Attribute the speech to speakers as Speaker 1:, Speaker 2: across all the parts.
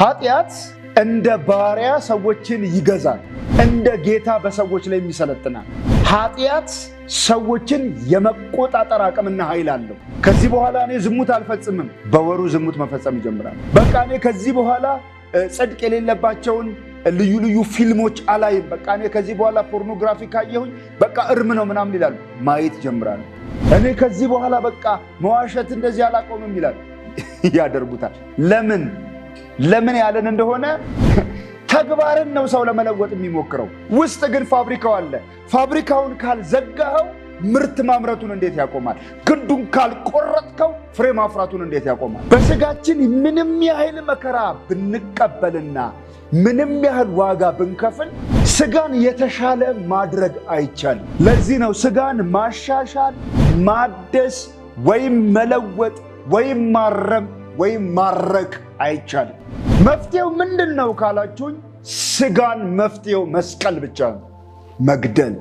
Speaker 1: ኃጢአት እንደ ባሪያ ሰዎችን ይገዛል፣ እንደ ጌታ በሰዎች ላይ የሚሰለጥናል። ኃጢአት ሰዎችን የመቆጣጠር አቅምና ኃይል አለው። ከዚህ በኋላ እኔ ዝሙት አልፈጽምም፣ በወሩ ዝሙት መፈጸም ይጀምራል። በቃ እኔ ከዚህ በኋላ ጽድቅ የሌለባቸውን ልዩ ልዩ ፊልሞች አላይም፣ በቃ እኔ ከዚህ በኋላ ፖርኖግራፊ ካየሁኝ በቃ እርም ነው ምናምን ይላሉ፣ ማየት ይጀምራል። እኔ ከዚህ በኋላ በቃ መዋሸት እንደዚህ አላቆምም ይላል፣ ያደርጉታል። ለምን? ለምን ያለን እንደሆነ ተግባርን ነው ሰው ለመለወጥ የሚሞክረው። ውስጥ ግን ፋብሪካው አለ። ፋብሪካውን ካልዘጋኸው ምርት ማምረቱን እንዴት ያቆማል? ግንዱን ካልቆረጥከው ፍሬ ማፍራቱን እንዴት ያቆማል? በስጋችን ምንም ያህል መከራ ብንቀበልና ምንም ያህል ዋጋ ብንከፍል ስጋን የተሻለ ማድረግ አይቻልም። ለዚህ ነው ስጋን ማሻሻል፣ ማደስ ወይም መለወጥ ወይም ማረም ወይም ማረቅ አይቻልም። መፍትሄው ምንድን ነው ካላችሁኝ፣ ስጋን መፍትሄው መስቀል ብቻ ነው፣ መግደል።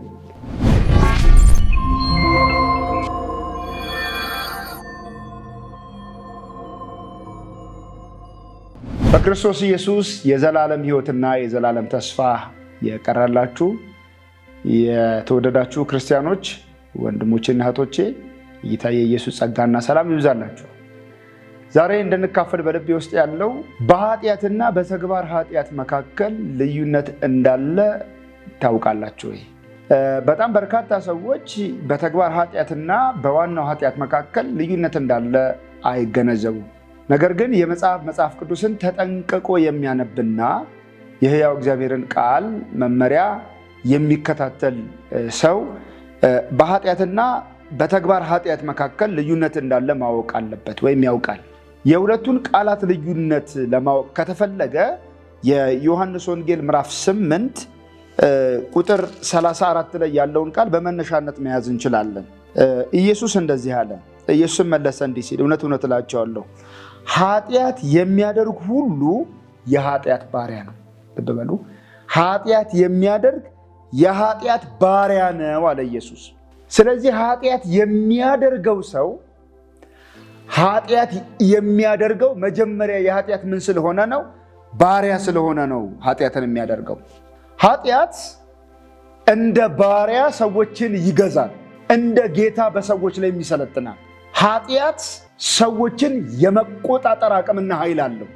Speaker 1: በክርስቶስ ኢየሱስ የዘላለም ሕይወትና የዘላለም ተስፋ የቀረላችሁ የተወደዳችሁ ክርስቲያኖች ወንድሞቼና እህቶቼ ጌታ የኢየሱስ ጸጋና ሰላም ይብዛላችሁ። ዛሬ እንድንካፈል በልቤ ውስጥ ያለው በኃጢአትና በተግባር ኃጢአት መካከል ልዩነት እንዳለ ታውቃላችሁ ወይ? በጣም በርካታ ሰዎች በተግባር ኃጢአትና በዋናው ኃጢአት መካከል ልዩነት እንዳለ አይገነዘቡም። ነገር ግን የመጽሐፍ መጽሐፍ ቅዱስን ተጠንቅቆ የሚያነብና የሕያው እግዚአብሔርን ቃል መመሪያ የሚከታተል ሰው በኃጢአትና በተግባር ኃጢአት መካከል ልዩነት እንዳለ ማወቅ አለበት ወይም ያውቃል። የሁለቱን ቃላት ልዩነት ለማወቅ ከተፈለገ የዮሐንስ ወንጌል ምዕራፍ 8 ቁጥር 34 ላይ ያለውን ቃል በመነሻነት መያዝ እንችላለን። ኢየሱስ እንደዚህ አለ። ኢየሱስም መለሰ እንዲህ ሲል እውነት እውነት እላቸዋለሁ ኃጢአት የሚያደርግ ሁሉ የኃጢአት ባሪያ ነው። ልብ በሉ። ኃጢአት የሚያደርግ የኃጢአት ባሪያ ነው አለ ኢየሱስ። ስለዚህ ኃጢአት የሚያደርገው ሰው ኃጢአት የሚያደርገው መጀመሪያ የኃጢአት ምን ስለሆነ ነው? ባሪያ ስለሆነ ነው ኃጢአትን የሚያደርገው። ኃጢአት እንደ ባሪያ ሰዎችን ይገዛል፣ እንደ ጌታ በሰዎች ላይ የሚሰለጥናል። ኃጢአት ሰዎችን የመቆጣጠር አቅምና ኃይል አለው።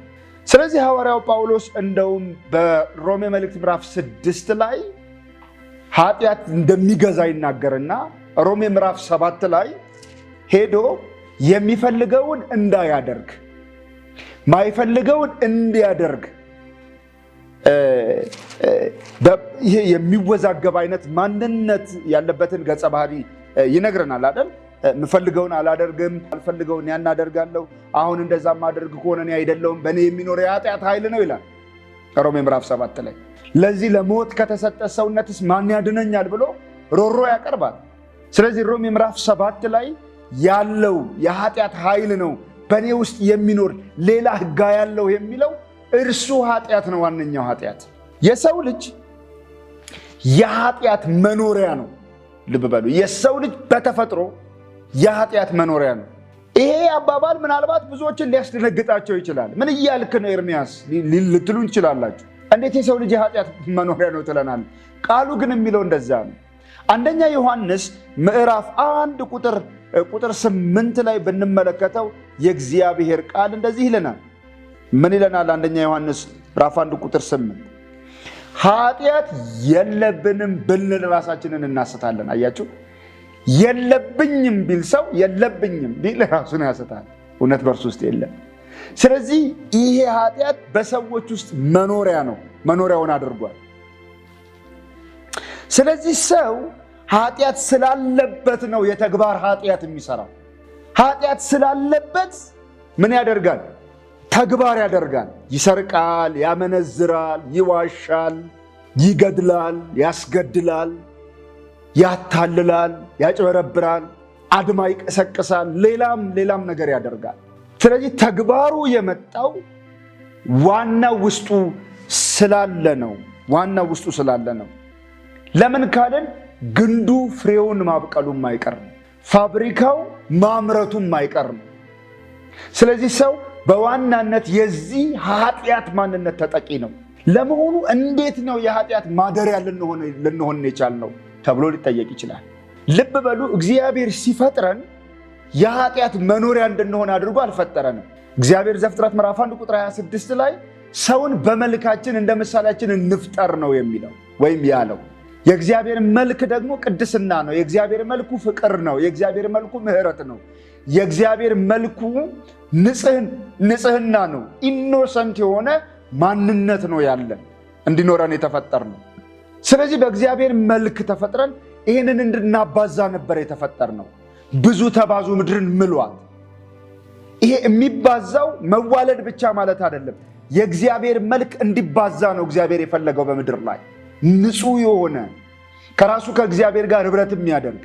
Speaker 1: ስለዚህ ሐዋርያው ጳውሎስ እንደውም በሮሜ መልእክት ምዕራፍ ስድስት ላይ ኃጢአት እንደሚገዛ ይናገርና ሮሜ ምዕራፍ ሰባት ላይ ሄዶ የሚፈልገውን እንዳያደርግ ማይፈልገውን እንዲያደርግ ይሄ የሚወዛገብ አይነት ማንነት ያለበትን ገጸ ባህሪ ይነግረናል አይደል? የምፈልገውን አላደርግም፣ አልፈልገውን ያን አደርጋለሁ። አሁን እንደዛ ማደርግ ከሆነ እኔ አይደለሁም በእኔ የሚኖር የኃጢአት ኃይል ነው ይላል ሮሜ ምዕራፍ ሰባት ላይ። ለዚህ ለሞት ከተሰጠ ሰውነትስ ማን ያድነኛል ብሎ ሮሮ ያቀርባል። ስለዚህ ሮሜ ምዕራፍ ሰባት ላይ ያለው የኃጢአት ኃይል ነው። በእኔ ውስጥ የሚኖር ሌላ ህጋ ያለው የሚለው እርሱ ኃጢአት ነው። ዋነኛው ኃጢአት የሰው ልጅ የኃጢአት መኖሪያ ነው። ልብ በሉ፣ የሰው ልጅ በተፈጥሮ የኃጢአት መኖሪያ ነው። ይሄ አባባል ምናልባት ብዙዎችን ሊያስደነግጣቸው ይችላል። ምን እያልክ ነው ኤርሚያስ ልትሉ ትችላላችሁ። እንዴት የሰው ልጅ የኃጢአት መኖሪያ ነው ትለናል? ቃሉ ግን የሚለው እንደዛ ነው። አንደኛ ዮሐንስ ምዕራፍ አንድ ቁጥር ቁጥር ስምንት ላይ ብንመለከተው የእግዚአብሔር ቃል እንደዚህ ይለናል። ምን ይለናል? አንደኛ ዮሐንስ ራፍ አንድ ቁጥር ስምንት ኃጢአት የለብንም ብንል ራሳችንን እናስታለን። አያችሁ፣ የለብኝም ቢል ሰው የለብኝም ቢል ራሱን ያስታል። እውነት በእርሱ ውስጥ የለም። ስለዚህ ይሄ ኃጢአት በሰዎች ውስጥ መኖሪያ ነው፣ መኖሪያውን አድርጓል። ስለዚህ ሰው ኃጢአት ስላለበት ነው የተግባር ኃጢአት የሚሰራው። ኃጢአት ስላለበት ምን ያደርጋል? ተግባር ያደርጋል። ይሰርቃል፣ ያመነዝራል፣ ይዋሻል፣ ይገድላል፣ ያስገድላል፣ ያታልላል፣ ያጭበረብራል፣ አድማ ይቀሰቅሳል፣ ሌላም ሌላም ነገር ያደርጋል። ስለዚህ ተግባሩ የመጣው ዋናው ውስጡ ስላለ ነው። ዋናው ውስጡ ስላለ ነው። ለምን ካልን ግንዱ ፍሬውን ማብቀሉ ማይቀር ነው። ፋብሪካው ማምረቱ ማይቀር ነው። ስለዚህ ሰው በዋናነት የዚህ ኃጢአት ማንነት ተጠቂ ነው። ለመሆኑ እንዴት ነው የኃጢአት ማደሪያ ልንሆን የቻልነው ተብሎ ሊጠየቅ ይችላል። ልብ በሉ፣ እግዚአብሔር ሲፈጥረን የኃጢአት መኖሪያ እንድንሆን አድርጎ አልፈጠረንም። እግዚአብሔር ዘፍጥረት ምዕራፍ 1 ቁጥር 26 ላይ ሰውን በመልካችን እንደ ምሳሌያችን እንፍጠር ነው የሚለው ወይም ያለው የእግዚአብሔር መልክ ደግሞ ቅድስና ነው። የእግዚአብሔር መልኩ ፍቅር ነው። የእግዚአብሔር መልኩ ምሕረት ነው። የእግዚአብሔር መልኩ ንጽህና ነው። ኢኖሰንት የሆነ ማንነት ነው ያለን እንዲኖረን የተፈጠር ነው። ስለዚህ በእግዚአብሔር መልክ ተፈጥረን ይህንን እንድናባዛ ነበር የተፈጠር ነው። ብዙ ተባዙ ምድርን ምሏት። ይሄ የሚባዛው መዋለድ ብቻ ማለት አይደለም። የእግዚአብሔር መልክ እንዲባዛ ነው እግዚአብሔር የፈለገው በምድር ላይ ንጹህ የሆነ ከራሱ ከእግዚአብሔር ጋር ህብረት የሚያደርግ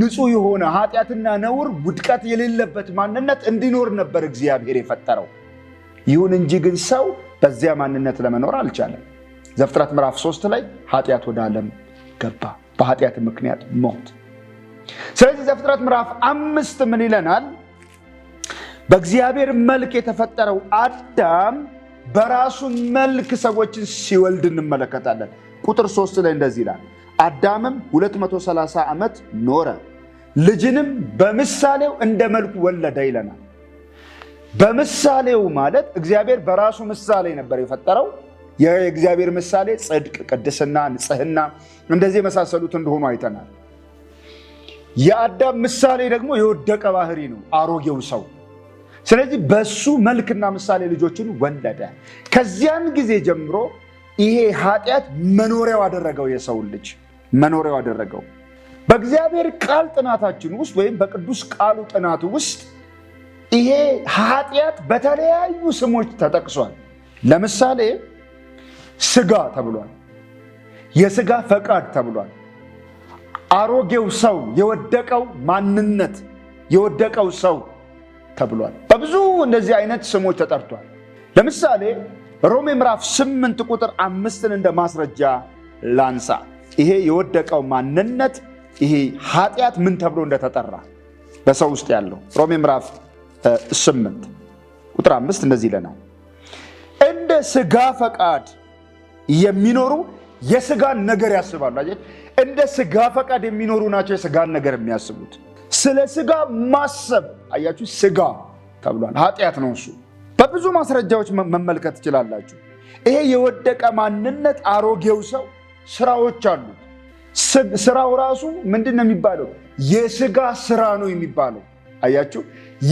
Speaker 1: ንጹህ የሆነ ኃጢአትና ነውር ውድቀት የሌለበት ማንነት እንዲኖር ነበር እግዚአብሔር የፈጠረው። ይሁን እንጂ ግን ሰው በዚያ ማንነት ለመኖር አልቻለም። ዘፍጥረት ምዕራፍ ሶስት ላይ ኃጢአት ወደ ዓለም ገባ፣ በኃጢአት ምክንያት ሞት። ስለዚህ ዘፍጥረት ምዕራፍ አምስት ምን ይለናል? በእግዚአብሔር መልክ የተፈጠረው አዳም በራሱ መልክ ሰዎችን ሲወልድ እንመለከታለን። ቁጥር ሶስት ላይ እንደዚህ ይላል፣ አዳምም 230 ዓመት ኖረ፣ ልጅንም በምሳሌው እንደ መልኩ ወለደ ይለናል። በምሳሌው ማለት እግዚአብሔር በራሱ ምሳሌ ነበር የፈጠረው። የእግዚአብሔር ምሳሌ ጽድቅ፣ ቅድስና፣ ንጽህና እንደዚህ የመሳሰሉት እንደሆኑ አይተናል። የአዳም ምሳሌ ደግሞ የወደቀ ባህሪ ነው፣ አሮጌው ሰው ስለዚህ በሱ መልክና ምሳሌ ልጆችን ወለደ። ከዚያን ጊዜ ጀምሮ ይሄ ኃጢአት መኖሪያው አደረገው፣ የሰውን ልጅ መኖሪያው አደረገው። በእግዚአብሔር ቃል ጥናታችን ውስጥ ወይም በቅዱስ ቃሉ ጥናት ውስጥ ይሄ ኃጢአት በተለያዩ ስሞች ተጠቅሷል። ለምሳሌ ስጋ ተብሏል፣ የስጋ ፈቃድ ተብሏል፣ አሮጌው ሰው የወደቀው ማንነት የወደቀው ሰው ተብሏል። በብዙ እንደዚህ አይነት ስሞች ተጠርቷል። ለምሳሌ ሮሜ ምዕራፍ ስምንት ቁጥር አምስትን እንደ ማስረጃ ላንሳ። ይሄ የወደቀው ማንነት ይሄ ኃጢአት ምን ተብሎ እንደተጠራ በሰው ውስጥ ያለው ሮሜ ምዕራፍ ስምንት ቁጥር አምስት እንደዚህ ይለናል። እንደ ስጋ ፈቃድ የሚኖሩ የስጋን ነገር ያስባሉ። እንደ ስጋ ፈቃድ የሚኖሩ ናቸው የስጋን ነገር የሚያስቡት። ስለ ስጋ ማሰብ አያችሁ፣ ስጋ ተብሏል። ኃጢአት ነው እሱ። በብዙ ማስረጃዎች መመልከት ትችላላችሁ። ይሄ የወደቀ ማንነት አሮጌው ሰው ስራዎች አሉት። ስራው ራሱ ምንድን ነው የሚባለው? የስጋ ስራ ነው የሚባለው። አያችሁ፣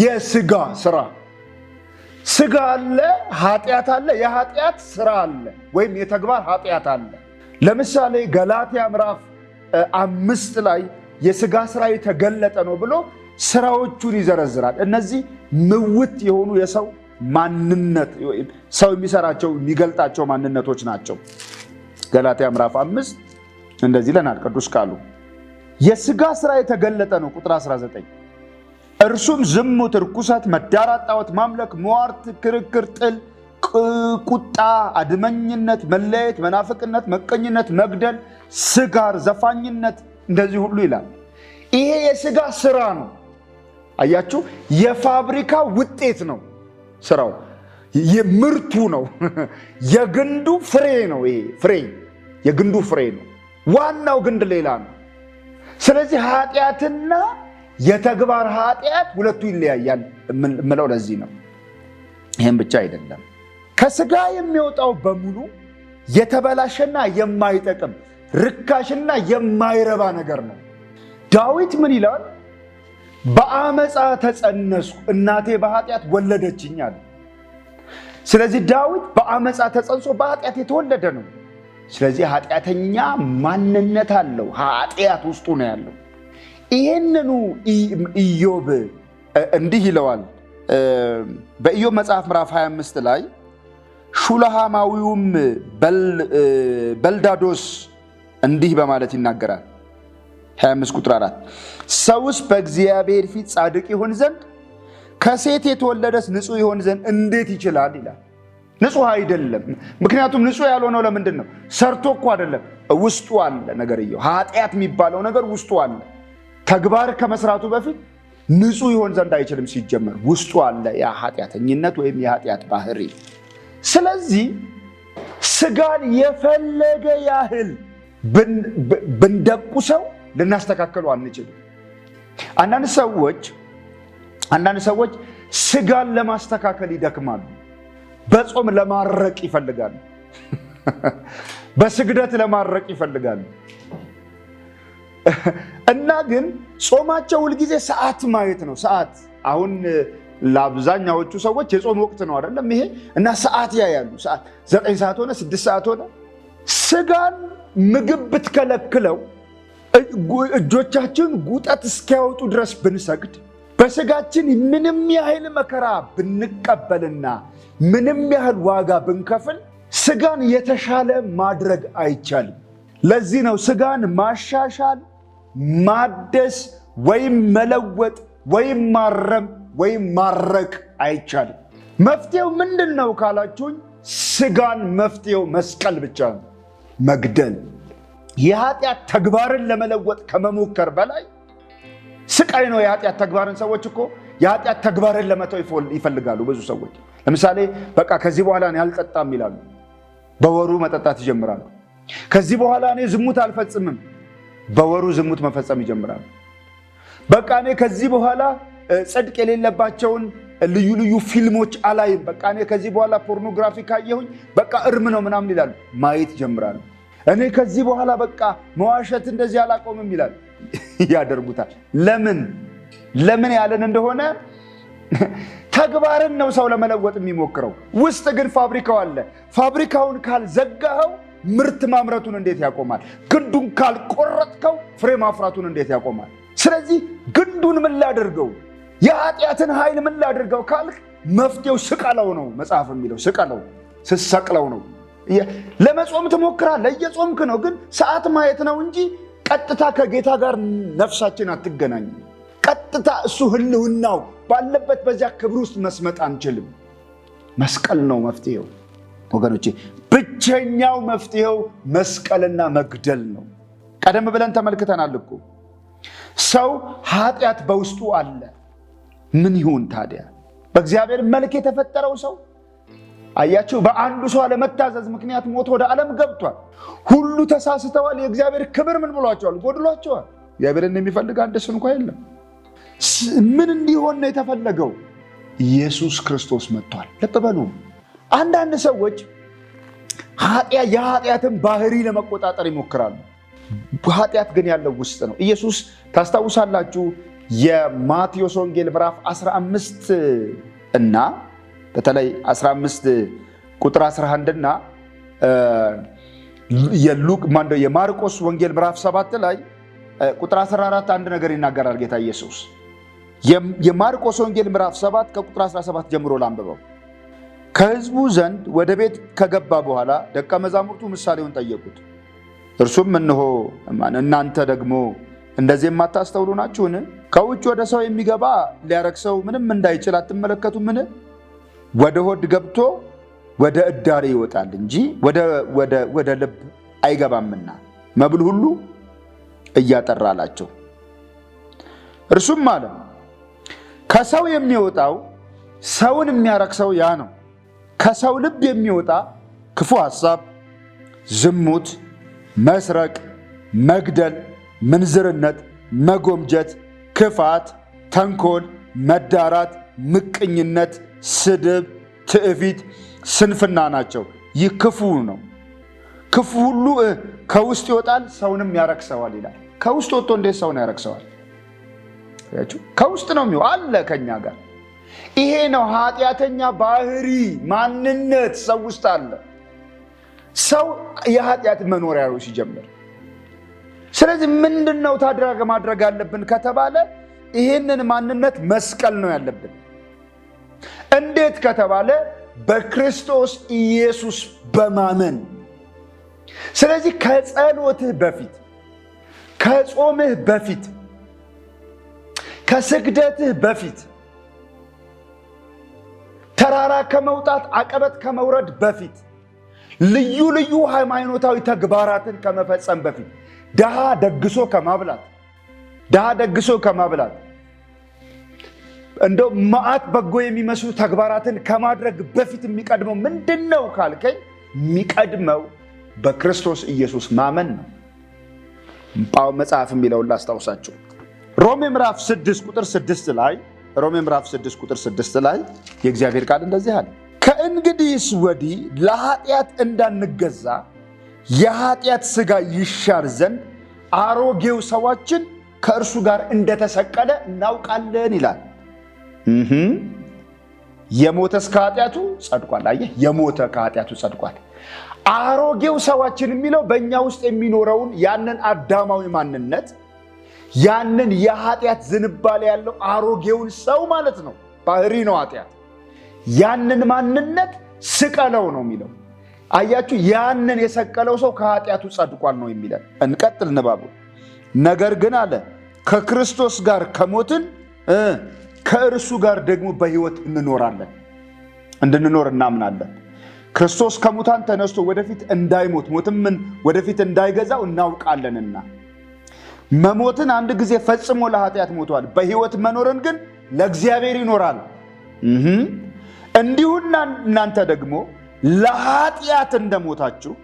Speaker 1: የስጋ ስራ ስጋ አለ፣ ኃጢአት አለ፣ የኃጢአት ስራ አለ፣ ወይም የተግባር ኃጢአት አለ። ለምሳሌ ገላትያ ምዕራፍ አምስት ላይ የስጋ ስራ የተገለጠ ነው ብሎ ስራዎቹን ይዘረዝራል። እነዚህ ምውት የሆኑ የሰው ማንነት ሰው የሚሰራቸው የሚገልጣቸው ማንነቶች ናቸው። ገላትያ ምዕራፍ አምስት እንደዚህ ለናል ቅዱስ ቃሉ የስጋ ስራ የተገለጠ ነው። ቁጥር 19 እርሱም ዝሙት፣ እርኩሰት፣ መዳራት፣ ጣዖት ማምለክ፣ መዋርት፣ ክርክር፣ ጥል፣ ቁጣ፣ አድመኝነት፣ መለያየት፣ መናፍቅነት፣ መቀኝነት፣ መግደል፣ ስጋር፣ ዘፋኝነት እንደዚህ ሁሉ ይላል። ይሄ የስጋ ስራ ነው። አያችሁ፣ የፋብሪካ ውጤት ነው ስራው፣ ምርቱ ነው። የግንዱ ፍሬ ነው። ይሄ ፍሬ የግንዱ ፍሬ ነው። ዋናው ግንድ ሌላ ነው። ስለዚህ ኃጢአትና የተግባር ኃጢአት ሁለቱ ይለያያል የምለው ለዚህ ነው። ይህም ብቻ አይደለም። ከስጋ የሚወጣው በሙሉ የተበላሸና የማይጠቅም ርካሽና የማይረባ ነገር ነው። ዳዊት ምን ይላል? በአመፃ ተጸነስኩ እናቴ በኃጢአት ወለደችኝ አለ። ስለዚህ ዳዊት በአመፃ ተጸንሶ በኃጢአት የተወለደ ነው። ስለዚህ ኃጢአተኛ ማንነት አለው፣ ኃጢአት ውስጡ ነው ያለው። ይህንኑ ኢዮብ እንዲህ ይለዋል በኢዮብ መጽሐፍ ምዕራፍ 25 ላይ ሹለሃማዊውም በልዳዶስ እንዲህ በማለት ይናገራል 25 ቁጥር 4 ሰውስ በእግዚአብሔር ፊት ጻድቅ ይሆን ዘንድ ከሴት የተወለደስ ንጹህ ይሆን ዘንድ እንዴት ይችላል ይላል። ንጹህ አይደለም። ምክንያቱም ንጹህ ያልሆነው ለምንድን ነው? ሰርቶ እኮ አይደለም፣ ውስጡ አለ ነገርየው። ኃጢአት የሚባለው ነገር ውስጡ አለ። ተግባር ከመስራቱ በፊት ንጹህ ይሆን ዘንድ አይችልም። ሲጀመር ውስጡ አለ ያ ኃጢአተኝነት ወይም የኃጢአት ባህሪ። ስለዚህ ስጋን የፈለገ ያህል ብንደቁሰው ልናስተካከሉ አንችልም። አንዳንድ ሰዎች አንዳንድ ሰዎች ስጋን ለማስተካከል ይደክማሉ። በጾም ለማረቅ ይፈልጋሉ። በስግደት ለማረቅ ይፈልጋሉ። እና ግን ጾማቸው ሁልጊዜ ሰዓት ማየት ነው። ሰዓት አሁን ለአብዛኛዎቹ ሰዎች የጾም ወቅት ነው አይደለም ይሄ እና ሰዓት ያያሉ። ሰዓት ዘጠኝ ሰዓት ሆነ፣ ስድስት ሰዓት ሆነ። ስጋን ምግብ ብትከለክለው እጆቻችን ጉጠት እስኪያወጡ ድረስ ብንሰግድ በስጋችን ምንም ያህል መከራ ብንቀበልና ምንም ያህል ዋጋ ብንከፍል ስጋን የተሻለ ማድረግ አይቻልም። ለዚህ ነው ስጋን ማሻሻል፣ ማደስ ወይም መለወጥ ወይም ማረም ወይም ማረቅ አይቻልም። መፍትሄው ምንድን ነው ካላችሁኝ፣ ስጋን መፍትሄው መስቀል ብቻ ነው፣ መግደል የኃጢአት ተግባርን ለመለወጥ ከመሞከር በላይ ስቃይ ነው የኃጢአት ተግባርን። ሰዎች እኮ የኃጢአት ተግባርን ለመተው ይፈልጋሉ። ብዙ ሰዎች ለምሳሌ በቃ ከዚህ በኋላ እኔ አልጠጣም ይላሉ። በወሩ መጠጣት ይጀምራሉ። ከዚህ በኋላ እኔ ዝሙት አልፈጽምም፣ በወሩ ዝሙት መፈጸም ይጀምራሉ። በቃ እኔ ከዚህ በኋላ ጽድቅ የሌለባቸውን ልዩ ልዩ ፊልሞች አላይም፣ በቃ እኔ ከዚህ በኋላ ፖርኖግራፊ ካየሁኝ በቃ እርም ነው ምናምን ይላሉ፣ ማየት ይጀምራሉ። እኔ ከዚህ በኋላ በቃ መዋሸት እንደዚህ አላቆምም ይላል። ያደርጉታል። ለምን ለምን ያለን እንደሆነ ተግባርን ነው ሰው ለመለወጥ የሚሞክረው። ውስጥ ግን ፋብሪካው አለ። ፋብሪካውን ካልዘጋኸው ምርት ማምረቱን እንዴት ያቆማል? ግንዱን ካልቆረጥከው ፍሬ ማፍራቱን እንዴት ያቆማል? ስለዚህ ግንዱን ምን ላደርገው፣ የኃጢአትን ኃይል ምን ላደርገው ካልክ መፍትሄው ስቀለው ነው። መጽሐፍ የሚለው ስቀለው፣ ስሰቅለው ነው። ለመጾም ትሞክራለህ፣ እየጾምክ ነው፣ ግን ሰዓት ማየት ነው እንጂ ቀጥታ ከጌታ ጋር ነፍሳችን አትገናኝም። ቀጥታ እሱ ህልውናው ባለበት በዚያ ክብር ውስጥ መስመጥ አንችልም። መስቀል ነው መፍትሄው ወገኖቼ፣ ብቸኛው መፍትሄው መስቀልና መግደል ነው። ቀደም ብለን ተመልክተናል እኮ ሰው ኃጢአት በውስጡ አለ። ምን ይሁን ታዲያ? በእግዚአብሔር መልክ የተፈጠረው ሰው አያችሁ፣ በአንዱ ሰው አለመታዘዝ ምክንያት ሞት ወደ ዓለም ገብቷል። ሁሉ ተሳስተዋል። የእግዚአብሔር ክብር ምን ብሏቸዋል? ጎድሏቸዋል። እግዚአብሔርን የሚፈልግ አንድ እንኳ የለም። ምን እንዲሆን ነው የተፈለገው? ኢየሱስ ክርስቶስ መጥቷል። ልብ በሉ። አንዳንድ ሰዎች የኃጢአትን ባህሪ ለመቆጣጠር ይሞክራሉ። ኃጢአት ግን ያለው ውስጥ ነው። ኢየሱስ ታስታውሳላችሁ፣ የማቴዎስ ወንጌል ምዕራፍ 15 እና በተለይ 15 ቁጥር 11 እና የሉቅ ማንደው የማርቆስ ወንጌል ምዕራፍ 7 ላይ ቁጥር 14 አንድ ነገር ይናገራል ጌታ ኢየሱስ። የማርቆስ ወንጌል ምዕራፍ 7 ከቁጥር 17 ጀምሮ ላንብበው። ከህዝቡ ዘንድ ወደ ቤት ከገባ በኋላ ደቀ መዛሙርቱ ምሳሌውን ጠየቁት። እርሱም እንሆ እናንተ ደግሞ እንደዚህ የማታስተውሉ ናችሁን? ከውጭ ወደ ሰው የሚገባ ሊያረክሰው ምንም እንዳይችል አትመለከቱምን? ወደ ሆድ ገብቶ ወደ እዳሬ ይወጣል እንጂ ወደ ልብ አይገባምና መብል ሁሉ እያጠራ አላቸው። እርሱም አለ ከሰው የሚወጣው ሰውን የሚያረክሰው ያ ነው። ከሰው ልብ የሚወጣ ክፉ ሐሳብ፣ ዝሙት፣ መስረቅ፣ መግደል፣ ምንዝርነት፣ መጎምጀት፣ ክፋት፣ ተንኮል፣ መዳራት፣ ምቅኝነት። ስድብ፣ ትዕቢት፣ ስንፍና ናቸው። ይህ ክፉ ነው። ክፉ ሁሉ ከውስጥ ይወጣል፣ ሰውንም ያረክሰዋል ይላል። ከውስጥ ወጥቶ እንዴት ሰውን ያረክሰዋል? ከውስጥ ነው የሚው አለ ከኛ ጋር ይሄ ነው ኃጢአተኛ ባህሪ ማንነት ሰው ውስጥ አለ። ሰው የኃጢአት መኖሪያ ነው ሲጀምር። ስለዚህ ምንድን ነው ታድያ ማድረግ አለብን ከተባለ ይሄንን ማንነት መስቀል ነው ያለብን። እንዴት ከተባለ በክርስቶስ ኢየሱስ በማመን ስለዚህ ከጸሎትህ በፊት ከጾምህ በፊት ከስግደትህ በፊት ተራራ ከመውጣት አቀበት ከመውረድ በፊት ልዩ ልዩ ሃይማኖታዊ ተግባራትን ከመፈጸም በፊት ድሃ ደግሶ ከማብላት ድሃ ደግሶ ከማብላት እንደው መዓት በጎ የሚመስሉ ተግባራትን ከማድረግ በፊት የሚቀድመው ምንድን ነው ካልከኝ፣ የሚቀድመው በክርስቶስ ኢየሱስ ማመን ነው። ጳው መጽሐፍ የሚለውን ላስታውሳችሁ። ሮሜ ምዕራፍ 6 ቁጥር 6 ላይ ሮሜ ምዕራፍ 6 ቁጥር 6 ላይ የእግዚአብሔር ቃል እንደዚህ አለ፣ ከእንግዲህስ ወዲህ ለኃጢአት እንዳንገዛ የኃጢአት ሥጋ ይሻር ዘንድ አሮጌው ሰዋችን ከእርሱ ጋር እንደተሰቀለ እናውቃለን ይላል። የሞተስ ከኃጢአቱ ጸድቋል። አየህ፣ የሞተ ከኃጢአቱ ጸድቋል። አሮጌው ሰዋችን የሚለው በእኛ ውስጥ የሚኖረውን ያንን አዳማዊ ማንነት ያንን የኃጢአት ዝንባሌ ያለው አሮጌውን ሰው ማለት ነው። ባህሪ ነው ኃጢአት። ያንን ማንነት ስቀለው ነው የሚለው አያችሁ። ያንን የሰቀለው ሰው ከኃጢአቱ ጸድቋል ነው የሚለን። እንቀጥል ንባቡ። ነገር ግን አለ ከክርስቶስ ጋር ከሞትን ከእርሱ ጋር ደግሞ በህይወት እንኖራለን እንድንኖር እናምናለን። ክርስቶስ ከሙታን ተነስቶ ወደፊት እንዳይሞት ሞትምን ወደፊት እንዳይገዛው እናውቃለንና መሞትን አንድ ጊዜ ፈጽሞ ለኃጢአት ሞቷል። በህይወት መኖርን ግን ለእግዚአብሔር ይኖራል። እንዲሁ እናንተ ደግሞ ለኃጢአት እንደሞታችሁ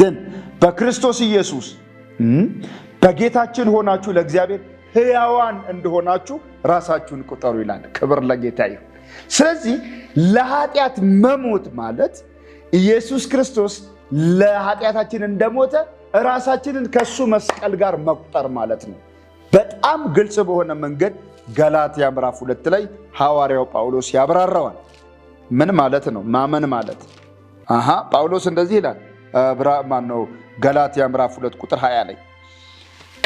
Speaker 1: ግን በክርስቶስ ኢየሱስ በጌታችን ሆናችሁ ለእግዚአብሔር ህያዋን እንደሆናችሁ ራሳችሁን ቁጠሩ ይላል። ክብር ለጌታ ይሁን። ስለዚህ ለኃጢአት መሞት ማለት ኢየሱስ ክርስቶስ ለኃጢአታችን እንደሞተ ራሳችንን ከሱ መስቀል ጋር መቁጠር ማለት ነው። በጣም ግልጽ በሆነ መንገድ ገላትያ ምዕራፍ ሁለት ላይ ሐዋርያው ጳውሎስ ያብራራዋል። ምን ማለት ነው ማመን ማለት? አሃ ጳውሎስ እንደዚህ ይላል። ማነው? ገላትያ ምዕራፍ ሁለት ቁጥር 20 ላይ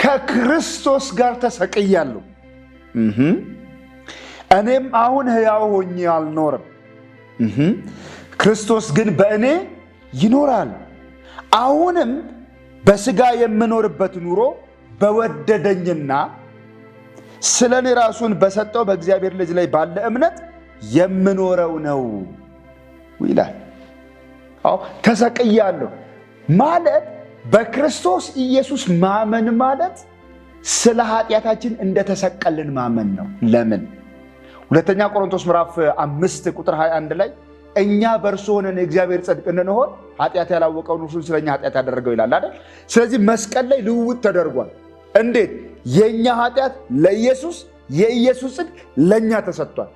Speaker 1: ከክርስቶስ ጋር ተሰቅያለሁ። እኔም አሁን ሕያው ሆኜ አልኖርም፣ ክርስቶስ ግን በእኔ ይኖራል። አሁንም በስጋ የምኖርበት ኑሮ በወደደኝና ስለ እኔ ራሱን በሰጠው በእግዚአብሔር ልጅ ላይ ባለ እምነት የምኖረው ነው ይላል። ተሰቅያለሁ ማለት በክርስቶስ ኢየሱስ ማመን ማለት ስለ ኃጢአታችን እንደተሰቀልን ማመን ነው። ለምን? ሁለተኛ ቆሮንቶስ ምዕራፍ አምስት ቁጥር 21 ላይ እኛ በእርሱ ሆነን የእግዚአብሔር ጽድቅ እንንሆን ኃጢአት ያላወቀውን እርሱን እኛ ኃጢአት ያደረገው ይላል አይደል? ስለዚህ መስቀል ላይ ልውውጥ ተደርጓል። እንዴት? የእኛ ኃጢአት ለኢየሱስ፣ የኢየሱስ ጽድቅ ለእኛ ተሰጥቷል።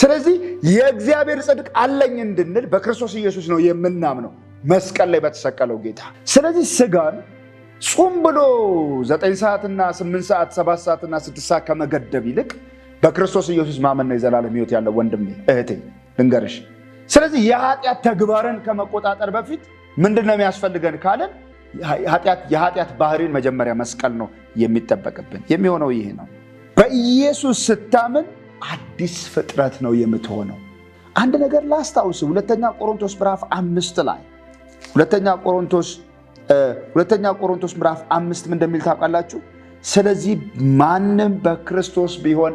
Speaker 1: ስለዚህ የእግዚአብሔር ጽድቅ አለኝ እንድንል በክርስቶስ ኢየሱስ ነው የምናምነው። መስቀል ላይ በተሰቀለው ጌታ። ስለዚህ ስጋን ጾም ብሎ ዘጠኝ ሰዓትና ስምንት ሰዓት ሰባት ሰዓትና ስድስት ሰዓት ከመገደብ ይልቅ በክርስቶስ ኢየሱስ ማመን ነው የዘላለም ሕይወት ያለው ወንድሜ እህቴ ልንገርሽ። ስለዚህ የኃጢአት ተግባርን ከመቆጣጠር በፊት ምንድን ነው የሚያስፈልገን ካለን የኃጢአት ባህሪን መጀመሪያ መስቀል ነው የሚጠበቅብን። የሚሆነው ይህ ነው። በኢየሱስ ስታምን አዲስ ፍጥረት ነው የምትሆነው። አንድ ነገር ላስታውስ፣ ሁለተኛ ቆሮንቶስ ምዕራፍ አምስት ላይ ሁለተኛ ቆሮንቶስ ሁለተኛ ቆሮንቶስ ምዕራፍ አምስትም እንደሚል ታውቃላችሁ። ስለዚህ ማንም በክርስቶስ ቢሆን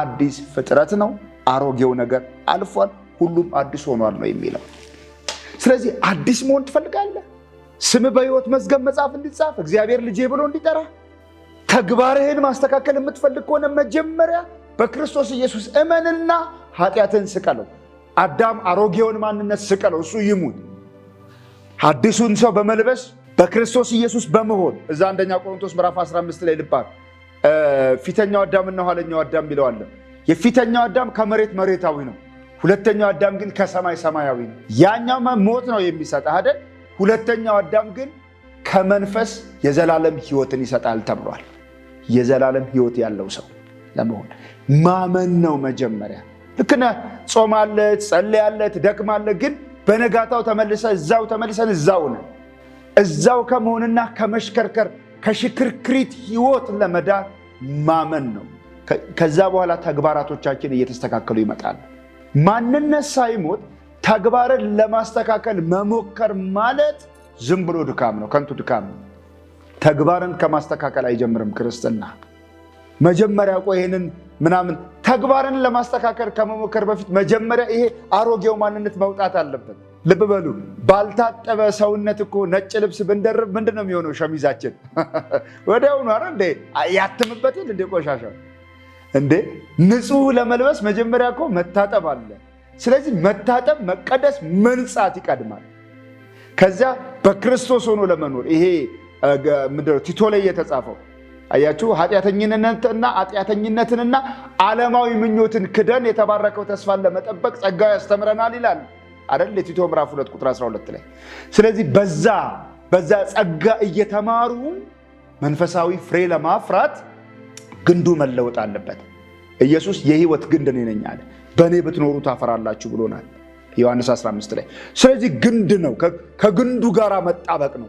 Speaker 1: አዲስ ፍጥረት ነው፣ አሮጌው ነገር አልፏል፣ ሁሉም አዲስ ሆኗል ነው የሚለው። ስለዚህ አዲስ መሆን ትፈልጋለህ? ስም በህይወት መዝገብ መጽሐፍ እንዲጻፍ እግዚአብሔር ልጄ ብሎ እንዲጠራ ተግባርህን ማስተካከል የምትፈልግ ከሆነ መጀመሪያ በክርስቶስ ኢየሱስ እመንና ኃጢአትን ስቀለው። አዳም አሮጌውን ማንነት ስቀለው፣ እሱ ይሙት። አዲሱን ሰው በመልበስ በክርስቶስ ኢየሱስ በመሆን እዛ አንደኛ ቆሮንቶስ ምዕራፍ 15 ላይ ልባል ፊተኛው አዳምና ኋለኛው አዳም ይለዋል። የፊተኛው አዳም ከመሬት መሬታዊ ነው። ሁለተኛው አዳም ግን ከሰማይ ሰማያዊ ነው። ያኛው ሞት ነው የሚሰጥ አይደል? ሁለተኛው አዳም ግን ከመንፈስ የዘላለም ህይወትን ይሰጣል ተብሏል። የዘላለም ህይወት ያለው ሰው ለመሆን ማመን ነው መጀመሪያ። ልክ ነህ። ጾማለህ፣ ትጸልያለህ፣ ትደክማለህ ግን በነጋታው ተመልሰ እዛው ተመልሰን እዛው ነን። እዛው ከመሆንና ከመሽከርከር ከሽክርክሪት ህይወት ለመዳር ማመን ነው። ከዛ በኋላ ተግባራቶቻችን እየተስተካከሉ ይመጣል። ማንነት ሳይሞት ተግባርን ለማስተካከል መሞከር ማለት ዝም ብሎ ድካም ነው፣ ከንቱ ድካም ነው። ተግባርን ከማስተካከል አይጀምርም ክርስትና። መጀመሪያ ቆይ ይህንን ምናምን ተግባርን ለማስተካከል ከመሞከር በፊት መጀመሪያ ይሄ አሮጌው ማንነት መውጣት አለበት። ልብ በሉ። ባልታጠበ ሰውነት እኮ ነጭ ልብስ ብንደርብ ምንድን ነው የሚሆነው? ሸሚዛችን ወዲያውኑ አረ እንዴ ያትምበት እንዴ ቆሻሻ እንዴ። ንጹህ ለመልበስ መጀመሪያ እኮ መታጠብ አለ። ስለዚህ መታጠብ፣ መቀደስ፣ መንጻት ይቀድማል። ከዚያ በክርስቶስ ሆኖ ለመኖር ይሄ ምንድን ነው ቲቶ ላይ የተጻፈው አያችሁ ኃጢአተኝነትና ኃጢአተኝነትንና ዓለማዊ ምኞትን ክደን የተባረከው ተስፋን ለመጠበቅ ጸጋው ያስተምረናል ይላል አደል የቲቶ ምዕራፍ 2 ቁጥር 12 ላይ። ስለዚህ በዛ በዛ ጸጋ እየተማሩ መንፈሳዊ ፍሬ ለማፍራት ግንዱ መለወጥ አለበት። ኢየሱስ የህይወት ግንድ እኔ ነኝ አለ። በእኔ ብትኖሩ ታፈራላችሁ ብሎናል ዮሐንስ 15 ላይ። ስለዚህ ግንድ ነው፣ ከግንዱ ጋር መጣበቅ ነው።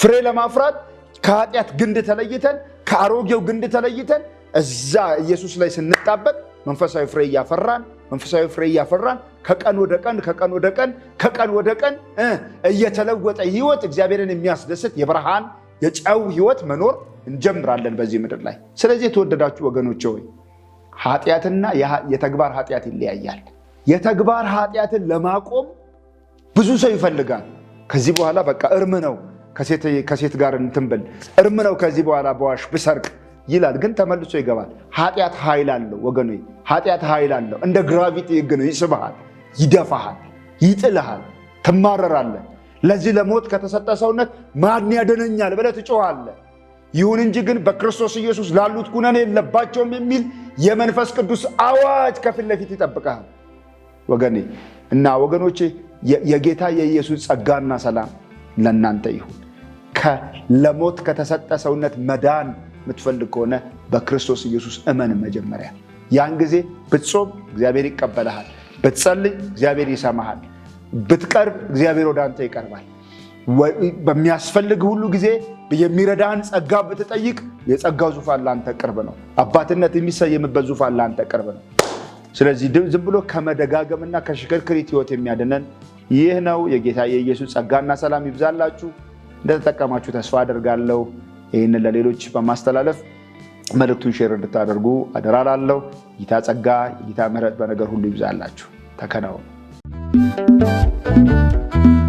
Speaker 1: ፍሬ ለማፍራት ከኃጢአት ግንድ ተለይተን ከአሮጌው ግንድ ተለይተን እዛ ኢየሱስ ላይ ስንጣበቅ መንፈሳዊ ፍሬ እያፈራን መንፈሳዊ ፍሬ እያፈራን ከቀን ወደ ቀን ከቀን ወደ ቀን ከቀን ወደ ቀን እየተለወጠ ህይወት እግዚአብሔርን የሚያስደስት የብርሃን የጨው ህይወት መኖር እንጀምራለን በዚህ ምድር ላይ። ስለዚህ የተወደዳችሁ ወገኖች ሆይ ኃጢአትና የተግባር ኃጢአት ይለያያል። የተግባር ኃጢአትን ለማቆም ብዙ ሰው ይፈልጋል። ከዚህ በኋላ በቃ እርም ነው ከሴት ጋር እንትንብል እርምነው እርም ነው ከዚህ በኋላ በዋሽ ብሰርቅ ይላል። ግን ተመልሶ ይገባል። ኃጢአት ኃይል አለው ወገኖ፣ ኃጢአት ኃይል አለው። እንደ ግራቪቲ ህግ ነው። ይስብሃል፣ ይደፋሃል፣ ይጥልሃል፣ ትማረራለህ። ለዚህ ለሞት ከተሰጠ ሰውነት ማን ያደነኛል ብለህ ትጮኻለህ። ይሁን እንጂ ግን በክርስቶስ ኢየሱስ ላሉት ኩነኔ የለባቸውም የሚል የመንፈስ ቅዱስ አዋጅ ከፊት ለፊት ይጠብቀሃል ወገኔ እና ወገኖቼ። የጌታ የኢየሱስ ጸጋና ሰላም ለእናንተ ይሁን። ለሞት ከተሰጠ ሰውነት መዳን የምትፈልግ ከሆነ በክርስቶስ ኢየሱስ እመን መጀመሪያ። ያን ጊዜ ብትጾም እግዚአብሔር ይቀበልሃል፣ ብትጸልይ እግዚአብሔር ይሰማሃል፣ ብትቀርብ እግዚአብሔር ወደ አንተ ይቀርባል። በሚያስፈልግ ሁሉ ጊዜ የሚረዳን ጸጋ ብትጠይቅ የጸጋው ዙፋን ለአንተ ቅርብ ነው። አባትነት የሚሰየምበት ዙፋን ለአንተ ቅርብ ነው። ስለዚህ ዝም ብሎ ከመደጋገምና ከሽክርክሪት ህይወት የሚያድነን ይህ ነው። የጌታ የኢየሱስ ጸጋና ሰላም ይብዛላችሁ። እንደተጠቀማችሁ ተስፋ አደርጋለሁ። ይህንን ለሌሎች በማስተላለፍ መልእክቱን ሼር እንድታደርጉ አደራ ጌታ ጸጋ፣ ጌታ ምሕረት በነገር ሁሉ ይብዛላችሁ። ተከናወኑ።